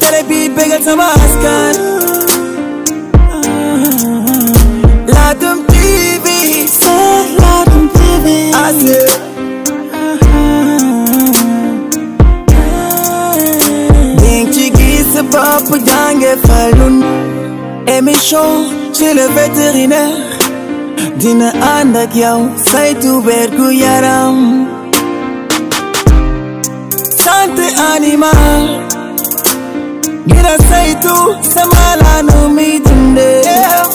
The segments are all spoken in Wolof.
télé bi bégal sama askan Ladoum TV c'est Ladoum TV dinga ci gis sa falun émission chez le vétérinaire dina ànd ak yow yaram santé animal ngir a saytu sama mi dundee.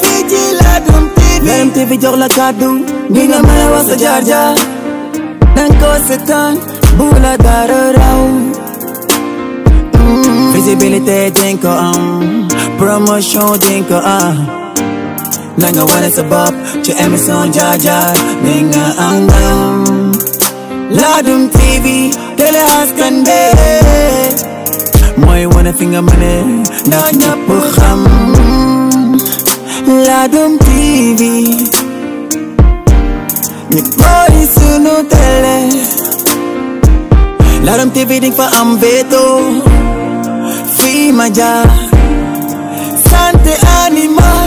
fii ci Ladoum TV. Ladoum TV jox la kàddu. ngir nga mën a jaar jaar. danga ko seetaan bu dara raw. Mm. visibilité dinga am promotion dinga am. nanga wane sa bopp ci émission jaar jaar ni nga am ndam. Ladoum TV télé askan bi. mooy wane fi nga mëne ndax ñëpp xam Ladoum TV ñu mooy sunu télé Ladoum TV di fa am veto fii ma jaar animal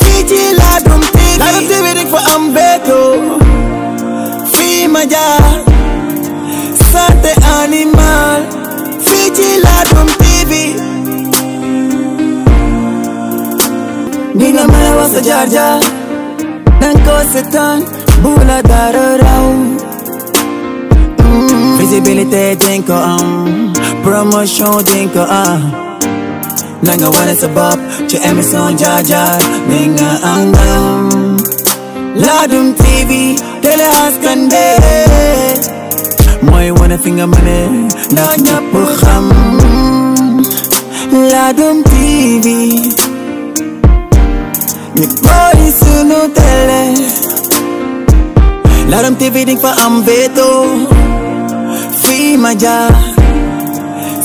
fii ci Ladoum TV Ladoum di fa am veto fii ma jaar animal fii ci TV dina mën a wax sa jaar jaar danga ko seetaan raw mm. visibilité dinga ko am um. promotion dinga ko am uh. nanga wane sa bopp ci émission jaar jaar dinga am um, ndam um. Ladoum TV télé askan bi wane fi nga na ñëpp xam Ladoum TV ñu koy sunu télé Ladoum TV ding fa am veto fii ma jaa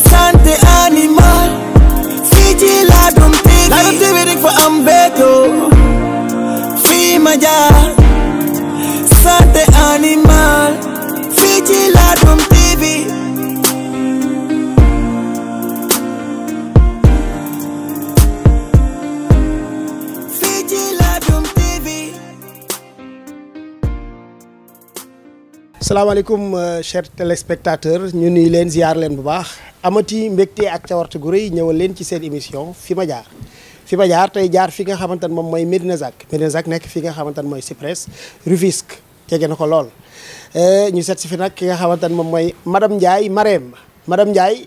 santé animal fii ci Ladoum TV Ladoum TV ding fa am veto fii ma jaar santé animal salaamaaleykum euh, chers téléspectateurs ñu nuyu leen ziar leen bu baax amati mbégte ak cawarte gu rëy ñëwal leen ci seen émission fi ma jaar fi ma jaar tey jaar fi nga xamante ne moom mooy Medina Zac Medina Zac nekk fi nga xamante ne mooy Cyprès Rufisque jege na ko lool euh, ñu seet fi nag ki nga xamante ne moom mooy madame Ndiaye Marème madame Ndiaye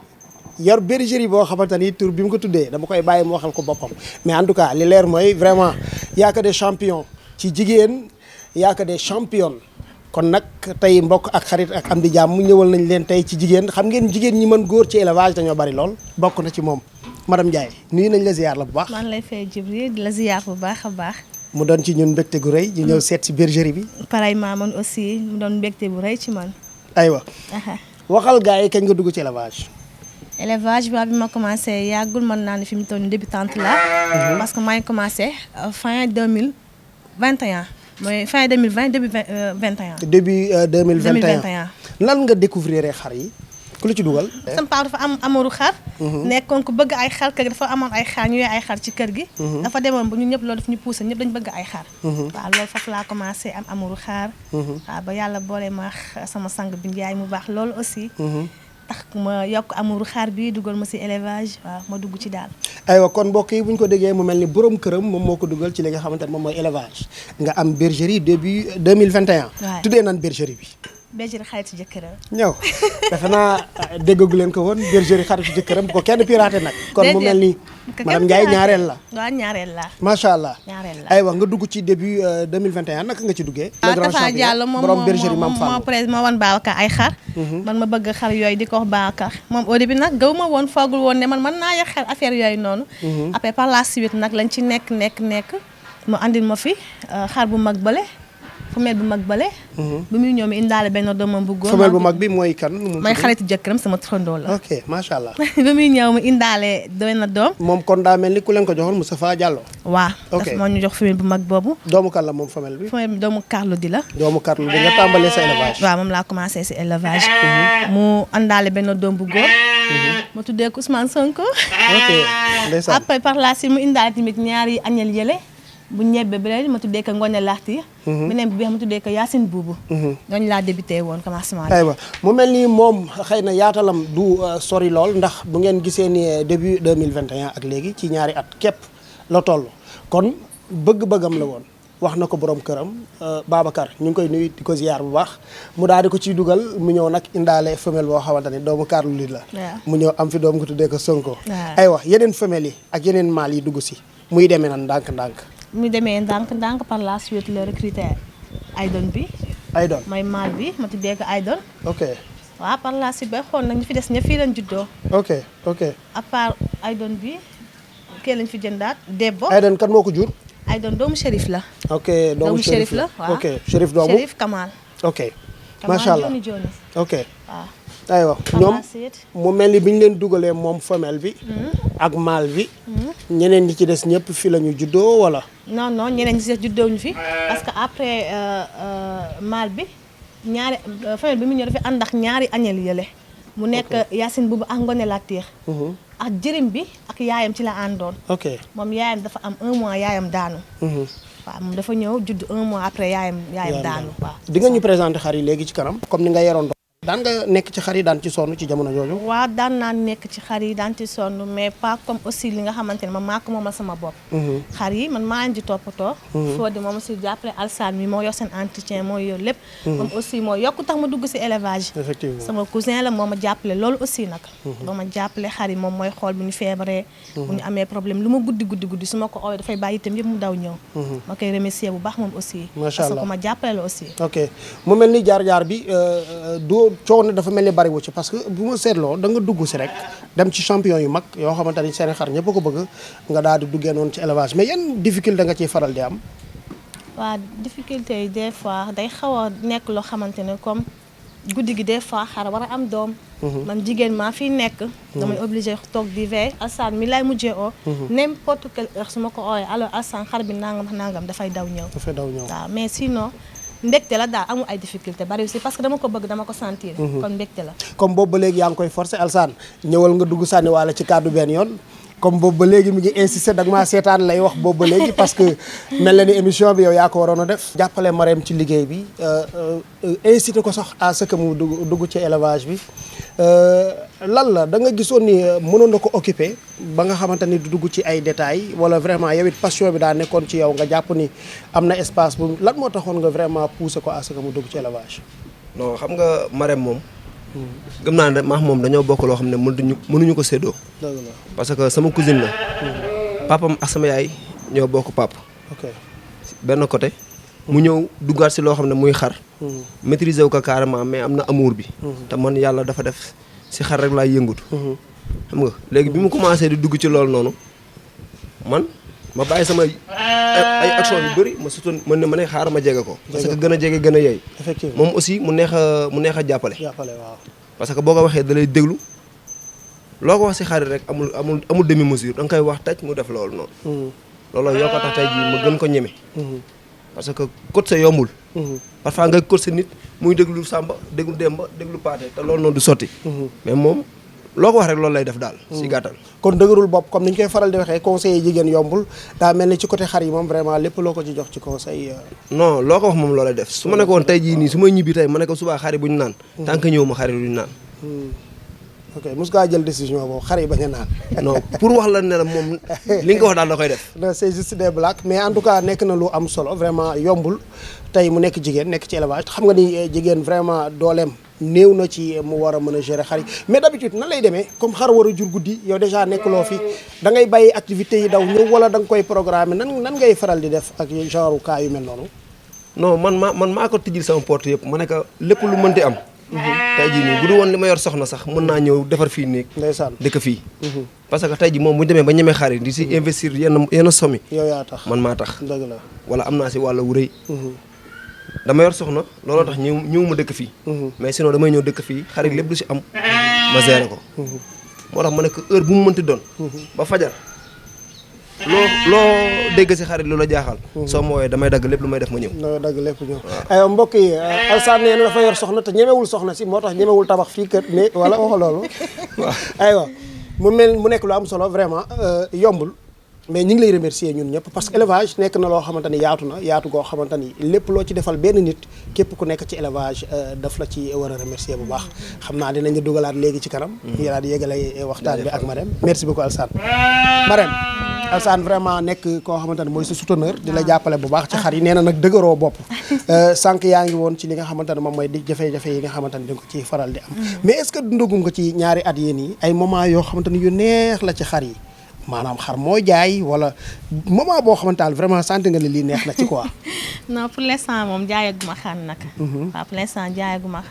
yor bergerie boo xamante ni tur bi mu ko tuddee dama koy bàyyi mu waxal ko boppam mais en tout cas li leer mooy vraiment y a que ci jigéen y a que kon nag tey mbokk ak xarit ak am di jàmm ñëwal nañ leen tey ci jigéen xam ngeen jigéen ñi mën góor ci élevage dañoo bari lool bokk na ci moom madame Ndiaye nuyu nañ la ziar la bu baax. man lay fay Jibril di la ziar bu baax a baax. mu doon ci ñun mbégte gu rëy. ñu ñëw mm. seet si bergerie bi. pareillement man aussi mu doon mbégte bu rëy ci man. aywa. waxal gars yi kañ nga dugg ci élevage. élevage bi ma commencé yàggul mën naa ne fi mu toll nii débutante la. Mhm. parce que maa commencé euh, fin 2021. mooy fin 2020 début 2021. Euh, début 2021 euh, lan nga découvrir xar yi ku la ci dugal. Eh. sama dafa am amaru xar. Mhm. nekkoon ku bëgg ay xar kër dafa amoon ay xar ñu ay xar ci kër gi. Mhm. dafa demoon ba ñu ñëpp loolu daf ñu poussé ñëpp dañ bëgg ay xar. Mhm. waaw loolu foofu laa commencé am amooru xar. waaw ba yàlla boolee ma sama sang bi Njaay mu baax loolu aussi. tax ma yokk amuru xaar bi dugal ma si élevage waaw ma dugg ci daal. aywa kon mbokk yi bu ñu ko déggee mu mel ni borom këram moom moo ko dugal ci li nga xamante ne moom mooy élevage nga am bergerie début 2021. waaw tuddee naan bergerie bi. bergerie xaritu jëkkëram. ñëw defe naa ah, déggagu leen ko woon bergerie xaritu jëkkëram bu ko kenn piraté nag. kon mu mel ni madame Ndiaye ñaareel la. waaw ñaareel la. macha allah ñaareel la aywa nga dugg ci début 2021 euh, naka nga ci duggee. le grand champion borom bergerie Mame Fallou moom ma wan ay xar. Mhm. man ma bëgg xar yooyu di ko wax Babacar moom au bi nag gaw ma woon foogul woon ne man man naa yàq xel affaire yooyu noonu. Mhm. après par la suite nag lañ ci nekk nekk nekk mu andil ma fi euh, xar bu mag bële femelle bu mag bale mhm. bi muy ñëw mi indaale benn doomam bu góor femelle bu mag bi mooy kan mooy xaritu jëkkëram sama trondoo la ok macha allah bi muy ñëw mu indaale benn doom moom kon daa mel ni ku leen ko joxoon Moustapha Diallo waaw ok moo bu mag boobu doomu kan la moom femelle bi femelle bi doomu Carlo di la doomu Carlo di nga tàmbalee sa laa commencé si élevage mhm. mu indaale benn doom bu góor ma mhm. tuddee ko Ousmane Sonko ko après par la suite mu indaale tamit ñaari añel yële bu ñebbe bi leen ma tuddee ko Ngoné Laxti mhm. beneen bi ma tuddee ko Yacine Boubou mhm. ñooñu laa débuté woon commencement aywa mu mel ni moom xëy na yaatalam du euh, sori lool ndax bu ngeen gisee ni euh, début 2021 ak léegi ci ñaari at képp la toll kon bëgg-bëggam la woon wax na ko borom këram euh, Babacar ñu ngi koy nuyu di ko ziar bu baax mu daal di ko ciy dugal mu ñëw nag indaale femelle boo xamante ne doomu Carlou lii la mu ñëw am fi doom ko tuddee ko Sonko aywa yeneen femelle yi ak yeneen mâle yi dugg si muy demee nan ndànk-ndànk mu demee ndànk ndànk par la suite le recruter Aydon bi. Aydon mooy maal bi ma tuddee ko Aydon. ok waaw par la suite ba xool nag ñu fi des ña fii lañ juddoo. ok ok à part Aydon bi kee lañ fi jëndaat Debbo. Aydon kan moo ko jur. Aydon doomu Chérif la. ok doomu Chérif la waaw ok Chérif doomu Chérif Kamal. ok macha allah Kamal ok aywa ñoom mu mel ni bi ñu leen dugalee moom femelle bi. Hmm? ak maal bi. Hmm? ñeneen ñi ci des ñëpp fi la ñu juddoo wala. non non ñeneen ñi ci des juddoo ñu fi parce que après euh, euh, mâle bi ñaari euh, femelle bi mu ñëw dafa ànd ak ñaari añel yële. mu nekk Yacine bu ak Ngoné Latyr. Mhm. ak jërim bi ak yaayam ci la àndoon. ok moom yaayam dafa am un mois yaayam daanu. Mhm. waaw moom dafa ñëw judd un mois après yaayam. yaayam daanu waaw. di nga ñu présenté xar yi léegi ci kanam. comme ni nga yoroon daan nga nekk ci xar yi daan ci sonn ci jamono jooju. waaw daan naa nekk ci xar yi daan ci sonn mais pas comme aussi li nga xamante ne ma maa ko moom sama bopp. Mhm. xar yi man maa ngi ci toppatoo. Mhm. foo moo yor moo yor lépp. Mhm. ma dugg si élevage. effectivement sama cousin la moo ma jàppale loolu aussi nag. moo ma jàppale xar yi moom mooy xool bu ñu feebaree. bu ñu amee problème lu ma guddi guddi ko oowee dafay bàyyi itam yëpp ma moom ma jàppale la aussi. ok mel ni jaar jaar bi euh, euh, coono dafa mel ni bariwu ci parce que bu ma seetloo danga dugg si rek dem ci champion yu mag yoo xamante ni seen xar ñëpp ko bëgg nga daal di duggee noonu ci élevage mais yan difficulté nga ciy faral di am. waaw difficulté yi des fois day xaw a nekk loo xamante ne comme guddi gi des fois xar war am doom. Mhm. man jigéen maa fi nekk. Mhm. damay obliger toog di veille Assane mi lay mujjee oo. Mhm. n'importe quelle heure su ma ko ooyee alors Assane xar bi nangam nangam dafay daw ñëw. dafay daw ñëw waaw mbégte la daal amul ay difficulté bari aussi parce que dama ko bëgg dama ko sentir. Mhm. kon mbégte la. comme boobu léegi yaa ngi koy forcer Alsaan ñëwal nga dugg sànni waale ci kàddu benn yoon. comme boobu ba léegi mu ngi insisté da nga maa seetaan lay wax boobu ba léegi parce que mel na ni émission bi yow yaa ko waroon a def. jàppale Marème ci liggéey bi euh, euh, incité ko sax à mu dugg dugg ci élevage bi euh, lan la da nga gisoon ni mënoon na ko occuper ba nga xamante ni du dugg ci ay détails wala vraiment yow it passion bi daa nekkoon ci yow nga jàpp ni am na espace bu lan moo taxoon nga vraiment poussé ko à mu dugg ci élevage. non xam nga Marème moom. gëm naa ne maax moom dañoo bokk loo xam ne mënuñu mënuñu ko séddoo. parce que sama cousine la. papam ak sama yaay ñoo bokk pap benn côté. mu ñëw duggaat si loo xam ne muy xar. Hmm. maîtriser wu ko carrément mais am na amour bi. Hmm. te man yàlla dafa def si xar rek laay yëngatu. Hmm. xam nga léegi bi mu commencé di dugg ci loolu noonu man. ma bàyyi sama ay action yu bëri ma sutoon mën ne ma ne xaar ma jege ko parce que gën a jege gën a yey moom aussi mu neex a mu neex a jàppale parce que boo ko waxee da lay loo ko wax si xarit rek amul amul amul demi mesure da koy wax taj mu def loolu noonu hmm. loolu yoo ko tax tey jii ma gën ko ñeme hmm. parce que cote sa yombul hmm. parfois ngay cote sa nit muy déglu Samba déglu Demba déglu Paate te loolu noonu du sotti mais moom loo ko wax rek loolu lay def daal si hmm. gàttal kon dëgërul bopp comme ni koy faral di waxee conseil jigéen yombul daa mel ni ci côté xar yi moom vraiment lépp loo ko ci jox ci conseil euh. non loo ko moom loolay def su ma nekkoon tey jii nii su may ñibbi tey ma ne ko subaa xari bu ñu naan hmm. tant que hmm. jël décision boobu xar yi bañ a naan pour wax la ne moom li ko wax daal da koy def non c'est mais en tout cas nekk na lu am solo vraiment yombul tey mu nekk jigéen nekk ci élevage xam nga ni eh, jigéen vraiment dooleem néew na ci mu war a mën a gérer xar yi mais d'habitude na lay demee comme xar war a jur guddi yow déjà nekkuloo fi da ngay bàyyi activités yi daw ñëw wala da nga koy programme nan nan ngay faral di def ak genre cas yu mel noonu. non man maa man maa ko tijjil sama porte yëpp ma ne ko lépp lu mën di am. Mhm. tey jii nii bu dul woon li ma yor soxna sax mën naa ñëw defar fii nii. ndeysaan dëkk fii. Mhm. parce que tey jii moom mu ñu demee ba ñemee xar yi di si mhm. investir yenn yenn somme yi. yow yaa tax man maa tax. dëgg la wala am naa si wàll wu rëy dama yor soxna looloo tax ñëw ñëw ma dëkk fii. Mhm. mais sinon damay ñëw dëkk fii xarit lépp lu si am ma gérer ko. Mhm. moo tax ma nekk ko bu mu mënti doon. Mhm. ba fajar loo loo dégg si xarit lu la jaaxal. soo ma wooyee damay dagg lépp lu may def ma ñëw. damay dagg lépp mbokk yi euh, Alassane nee na dafa yor soxna te ñemewul soxna si moo tax ñemewul tabax fii kër mi wala waxu loolu. waaw aywa mu mel mu nekk lu am solo vraiment euh, yombul. mais ñu ngi lay remercier ñun ñëpp parce que élevage nekk na loo xamante ni yaatu na yaatu goo xamante ni lépp loo ci defal benn nit képp ku nekk ci élevage euh, daf la ci war a remercier bu baax xam naa dinañu dugalaat léegi ci kanam. ñu mm-hmm. daal di yëgale eh, waxtaan bi ak Marème. merci beaucoup Alsane Marème Alsane vraiment nekk koo xamante ni mooy sa souteneur di la ah. jàppale bu baax ci xar yi nee na nag dëgëroo bopp sank euh, yaa ngi woon ci li nga xamante ne moom mooy di jafe-jafe nga xamante ni di nga ko ciy faral di am. Mm-hmm. que dundagum ko ci ñaari at yéen yi ay xamante ni yu neex la ci xar yi maanaam xar moo jaay wala moment boo xamante ne vraiment sant nga ne lii neex na ci quoi. non pour l'instant moom jaayaguma xar nag. Mhm. waaw pour l'instant jaayaguma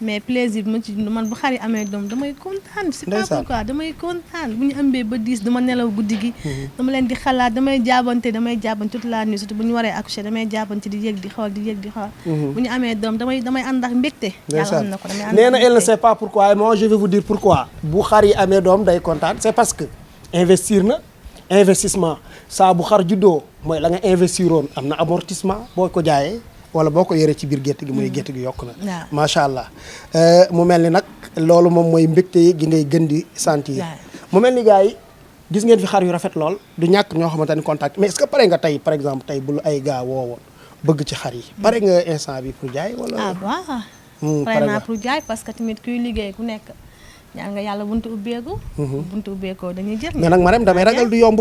mais plaisir bi ma xar yi amee doom damay kontaan. c'est pas bu ñu amee ba diis dama nelaw guddi gi. Mhm. dama leen di xalaat damay jaabante damay jaabante toute la nuit surtout bu ñu waree accoucher damay jaabante di yëg di xool di yëg di xool. Mhm. bu ñu amee doom damay damay ànd ak mbégte. am na ko damay ànd ak pas pourquoi moi je vais vous dire pourquoi. bu xar yi amee doom day kontaan c'est parce investir na investissement saa bu xar juddoo mooy la nga investiroon am na amortissement boo ko jaayee wala boo ko yoree ci biir gerte gi mooy mm. gerte gi yokk na macha allah eh, mu mel ni nag loolu moom mooy mbégte gi ngay gën di sentir mu mel ni gars yi gis ngeen fi xar yu rafet lool du ñàkk ñoo xamante ni contact mais est-ce que pare nga tey par exemple tey bul ay gars woowoon bëgg ci xar yi mm. pare nga instant bi pour jaay wala ah waaw hmm, pare naa pour jaay parce que tamit kuy liggéey ku nekk ñaan nga yàlla buntu ubbeeku mhm. buntu ubbeekoo dañuy jël mais nag ma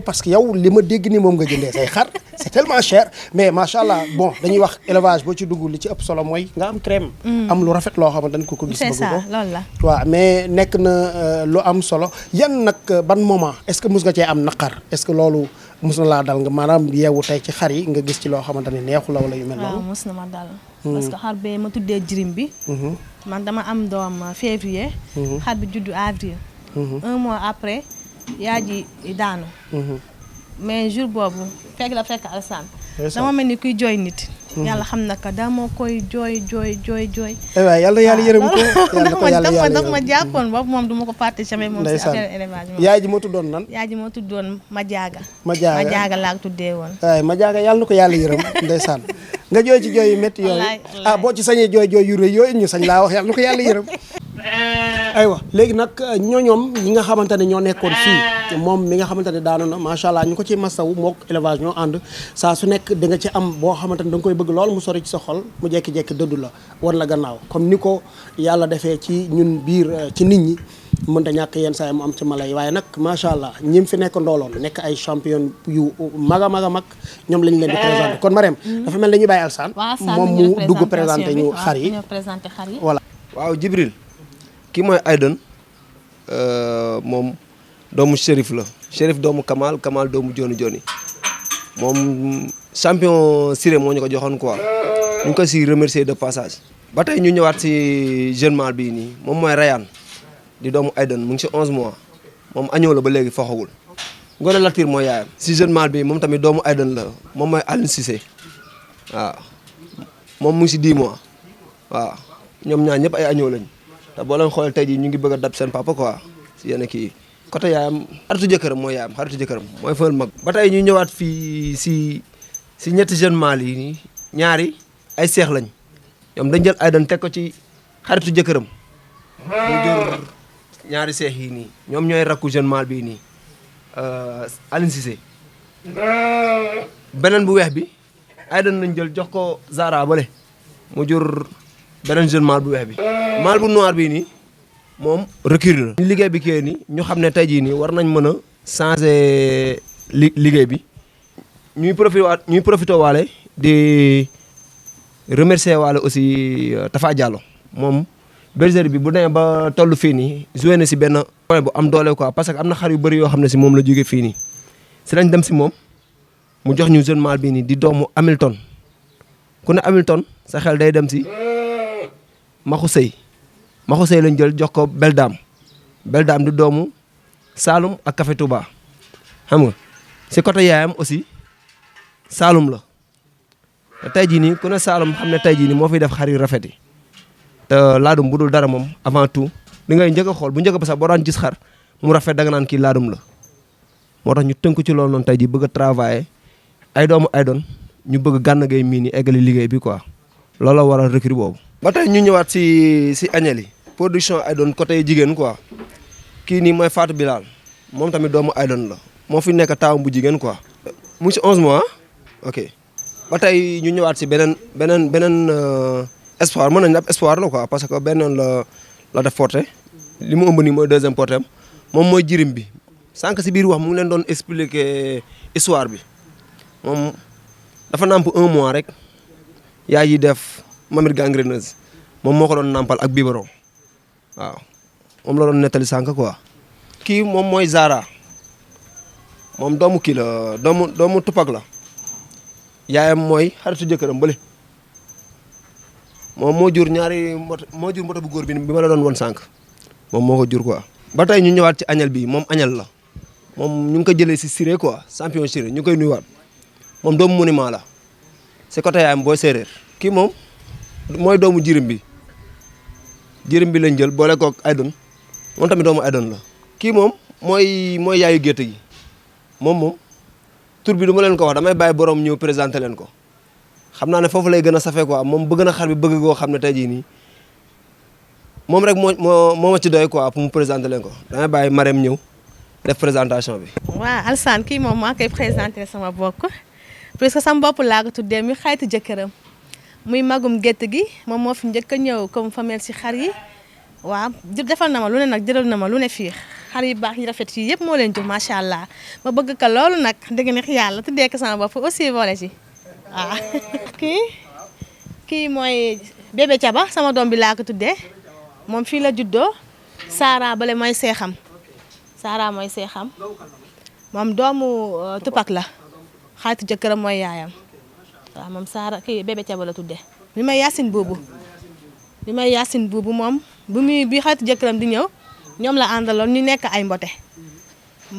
parce que yow li ma dégg ni moom nga jëndee say xar c'est tellement cher mais macha allah wax élevage boo ci dugg li ci ëpp solo mooy nga am crème mm. am lu rafet loo xamante ko ko gis bëgg nekk na euh, lu am solo yan nag euh, ban moment est-ce que mus nga cee am naqar est-ce que loolu mus na laa dal nga maanaam tey ci xar yi nga gis ci loo xamante ne neexu la wala yu mel noonu mus na ma dal parce que xar bee ma tuddee jirim bi. Mhm. man dama am doom février. Mhm. xar bi juddu avril. Mhm. un mois après yaa ji daanu. mais jour boobu fekk la fekk alsan dama mel ni kuy jooy nit. Mhm. yàlla xam na ko daa moo koy jooy jooy jooy jooy. Eh aywa yàlla yàlla yërëm ko ah, yàlla ko daf ma jàppoon boobu moom ma ko parti jamais moom si affaire élevage yaay ji moo tuddoon nan yaay ji moo tuddoon Madiaga Madiaga Madiaga laa ko tuddee woon waay Madiaga yàlla ko yàlla yërëm ndeysaan nga jooy ci jooy yu métti yooyu ah boo ci sañee jooy jooy yu rëy yooyu ñu sañ laa wax yàlla na ko yàlla yërëm Euh, aywa léegi nag euh, ñooñoom ñi nga xamante ne ñoo nekkoon euh. fii moom mi nga xamante ne daanu na macha allah ñu ko ci masawu mook élevage ñoo ànd saa su nekk di nga ci am boo xamante ne da koy bëgg lool mu sori ci sa xol mu jekki-jekki dëddu la war la gannaaw comme ni ko yàlla defee ci ñun biir ci nit ñi mënta ñàkk yenn saa yi mu am ci mala yi waaye nag macha allah ñim fi nekk ndooloon nekk ay champion yu mag a mag a mag ñoom lañ leen di présenté kon Marème mm-hmm. dafa mel dañuy bàyyi Alsaan moom mu dugg présenté ñu xar yi voilà waaw Jibril kii mooy Aydan euh, moom doomu Chérif la Chérif doomu Kamal Kamal doomu Joni Joni moom champion Siré moo ñu ko joxoon quoi ñu ko si remercier de passage. ba tey ñu ñëwaat si jeune mâle bii nii moom mooy Rayane di doomu Aydan mu ngi si 11 mois moom añoo la ba léegi foxagul Ngoné Latyr mooy yaayam. si jeune mâle bi moom tamit doomu Aydan la moom mooy Aline Cissé waaw moom mu ngi si di mois waaw ñoom ñaar ñëpp ay añoo lañ. te boo leen xoolee tey jii ñu ngi bëgg a dab seen ko quoi si yenn kii côté yaayam xaritu jëkkëram mooy yaayam xaritu jëkkëram mooy fël mag ba tey ñu ñëwaat fii si si ñetti jeune mâle yi nii ñaari ay seex lañ ñoom dañ jël ay doon teg ko ci xaritu jëkkëram mu ñaari seex yi ñoom ñooy rakku jeune mâle bii nii euh, Aline Cissé beneen bu weex bi ay doon lañ jël jox ko Zara Bale mu beneen jeune mâle bu weex bi mâle bu noir bi nii moom recul la ñu liggéey bi kii nii ñu xam ne tey jii nii war nañ mën a changer li liggéey bi ñuy profité waale ñuy profité waale di remercier waale aussi euh, Tafa Diallo moom bergerie bi bu demee ba toll fii nii joué si benn point bu am doole quoi parce que am na xar yu bari yoo xam ne si moom la jóge fii nii si lañ dem si moom mu jox ñu jeune mâle bii nii di doomu Hamilton ku ne Hamilton sa xel day dem si maxu sëy maxu sëy lañ jël jox ko beldaam beldaam di doomu saalum ak café touba xam nga si côté yaayam aussi saalum la te tey jii nii ku ne saalum xam ne tey jii nii moo fiy def xar yu rafet yi te laadum bu dul dara moom avant tout li ngay njëkk xool bu njëkk ba sax boo daan gis xar mu rafet da naan kii laadum la moo tax ñu tënku ci loolu noonu tey jii bëgg a travailler ay doomu ay doon ñu bëgg gànn ngay miin yi eggali liggéey bi quoi looloo waral recrue boobu ba tey ñu ñëwaat si si añel yi production Aydon côté jigéen quoi kii nii mooy Fatou Bilal moom tamit doomu Aydon la moo fi nekk taawam bu jigéen quoi. mu ngi si 11 mois ah. ok ba tey ñu ñëwaat si beneen beneen beneen euh, espoir mën nañu ab espoir la quoi parce que beneen la la def porté li mu ëmb nii mooy deuxième porté am moom mooy jirim bi sànq si biir wax mu ngi leen doon expliquer histoire bi moom dafa nàmp un mois rek yaa yi def. mamit gangreneuse moom moo ko doon nàmpal ak biberon moom la doon nettali sànq quoi. kii moom mooy Zara moom doomu kii la doomu doomu Tupac la yaayam mooy xaritu jëkkëram bële moom moo jur ñaari moto moo jur moto bu góor bi bi ma la doon won sànq moom moo ko jur quoi. ba tey ñu ñëwaat ci añal bi moom añal la moom ñu ngi ko jëlee si Siré quoi champion Siré ñu koy nuyuwaat moom doomu monument la si côté yaayam booy séeréer kii moom. mooy doomu jirim bi jirim bi lañ jël boole kook aydon moom tamit doomu aydon la kii moom mooy mooy yaayu gétt gi moom moom tur bi du leen ko wax damay bàyyi borom ñëw présenté leen ko xam naa ne foofu lay gën a safee quoi moom bëgg na xar bi bëgg koo xam ne tey jii nii moom rek moo moo moo ma ci doy quoi pour mu présenté leen ko damay bàyyi Marème ñëw def présentation bi. waaw Alsaan kii moom maa koy présenté sama bokk puisque sama bopp laa ko tuddee mi xaytu jëkkëram. muy magum gétt gi moom moo fi njëkk a ñëw comme femelle si xar yi waaw defal na ma lu ne nag jëral na ma lu ne fii xar yu baax yi rafet yi yëpp moo leen ju macha allah ma bëgg ka loolu nag dëgg neex yàlla te dekk sama bopp aussi boole ci waaw. kii mooy bébé caba sama doom bi laa ko tuddee moom fii la juddoo Saara bale mooy seexam Saara mooy seexam moom doomu euh, tupak la xaatu jëkkëram mooy yaayam. waaw moom Saara kii bébé Thiaba la tudde bi may Yacine boobu bi may Yacine boobu moom bu muy bi xeetu di ñëw ñoom la àndaloon ñu nekk ay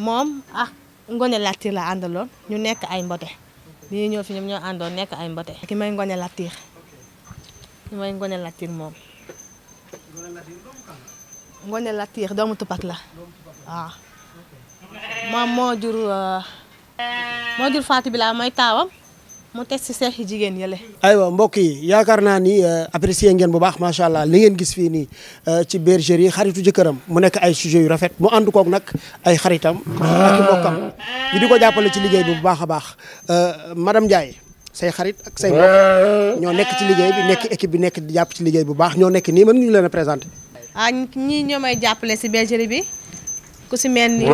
moom ah Ngoné la àndaloon ñu nekk ay mbote bi ñëw fi ñoom àndoon nekk ay mbote ki may Ngoné Latyr ki may Ngoné Latyr moom Ngoné Latyr doomu tupak la moom moo jur euh, moo jur mooy taawam mu teg si seexi jigéen yële. aywa mbokk yi yaakaar naa ni euh, apprécier ngeen bu baax macha allah li ngeen gis fii nii euh, ci bergerie xaritu jëkkëram mu nekk ay sujet yu rafet mu ànd koog nag ay xaritam ak mbokkam yi di ko jàppale ci liggéey bi bu baax a baax euh, madame Ndiaye say xarit ak say mbokk ñoo nekk ci liggéey bi nekk équipe bi nekk di jàpp ci liggéey bu baax ñoo nekk nii mën nga ñu leen a présenté. ah ñii ñoo may jàppale si bergerie bi ku si mel ni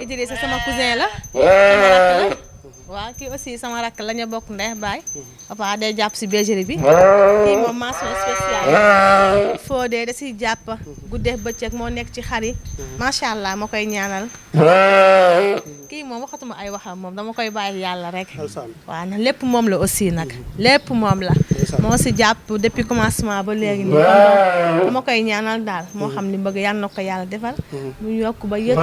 Idrissa sama cousin la. waaw ki aussi sama rakk la bokk ndeex baay. papa day jàpp si bergerie bi. kii moom mention spéciale. Fodé da siy jàpp. guddeeg bëccëg moo nekk ci xar yi. macha allah moo koy ñaanal. kii moom waxatuma ay waxam moom dama koy bàyyi yàlla rek. waaw ndax lépp moom la aussi nag. lépp moom la. moo si jàpp depuis commencement ba léegi nii. dama koy ñaanal daal moo xam ni bëgg yàlla na ko yàlla defal. Mm-hmm. mu yokk ba yëg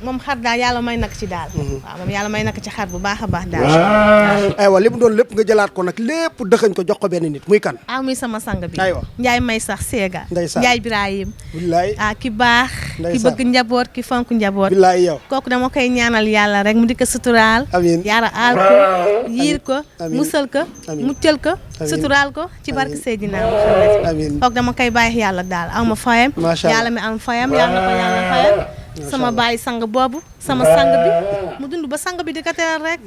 moom xar yàlla may nak ci daal. yàlla may nak mm-hmm. ci xar bu baax a baax daal. aywa doon lépp nga jëlaat ko nag lépp dëxañ ko jox ko benn nit muy kan. ah sama sang bi. aywa Ndiaye may sax Séga. Ndiaye Birahim. Ah, ki baax. ki bëgg njaboot ki fonk njaboot. dama koy ñaanal yàlla rek mu di ko suturaal yàlla aal ko yiir ko musal ko muccal ko suturaal ko ci barke Seydina Muhammad foog dama koy bàyyi yàlla daal aw ma yàlla mi am fayam yàlla na ko yàlla sama bàyyi sang boobu sama sang bi mu dund ba sang bi di ko teral rek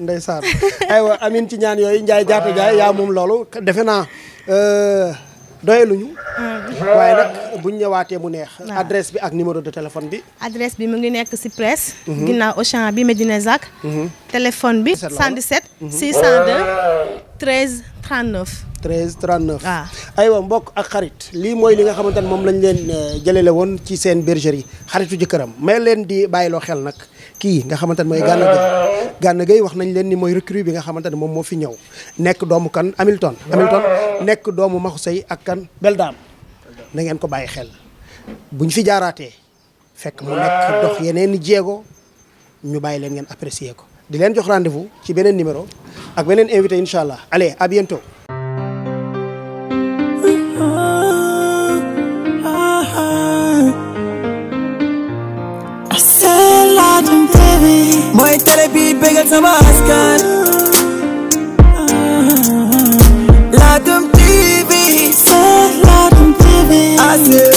amin ci ñaan yooyu njaay jaata jaay yaa loolu defe naa euh, doyaluñu. Ah. waaye nag buñ ñëwaatee mu neex. Ah. adresse bi ak numéro de téléphone bi. adresse bi mu ngi nekk ci presse. Mhm. ginnaaw Auchan bi Médina Zac. Mhm. téléphone bi 77. 602 13 39. 13 39 waaw. aywa mbokk ak xarit lii mooy li nga xamante ne moom lañ leen eh, jëlele woon ci seen bergerie xaritu jëkkëram mais leen di bàyyiloo xel nag. kii nga xamante ne mooy Gana Gueye Gana Gueye wax nañ leen ni mooy recrue bi nga xamante ne moom moo fi ñëw nekk doomu kan Hamilton Hamilton nekk doomu Maxusey ak kan Beldaam na ngeen ko bàyyi xel buñ fi jaaraatee fekk mu nekk dox yeneen i jéego ñu bàyyi leen ngeen apprécier ko di leen jox rendez-vous ci beneen numéro ak beneen invité incha allah allez à bientôt may télé bi bégal sama askan Ladoum TV Ladoum TV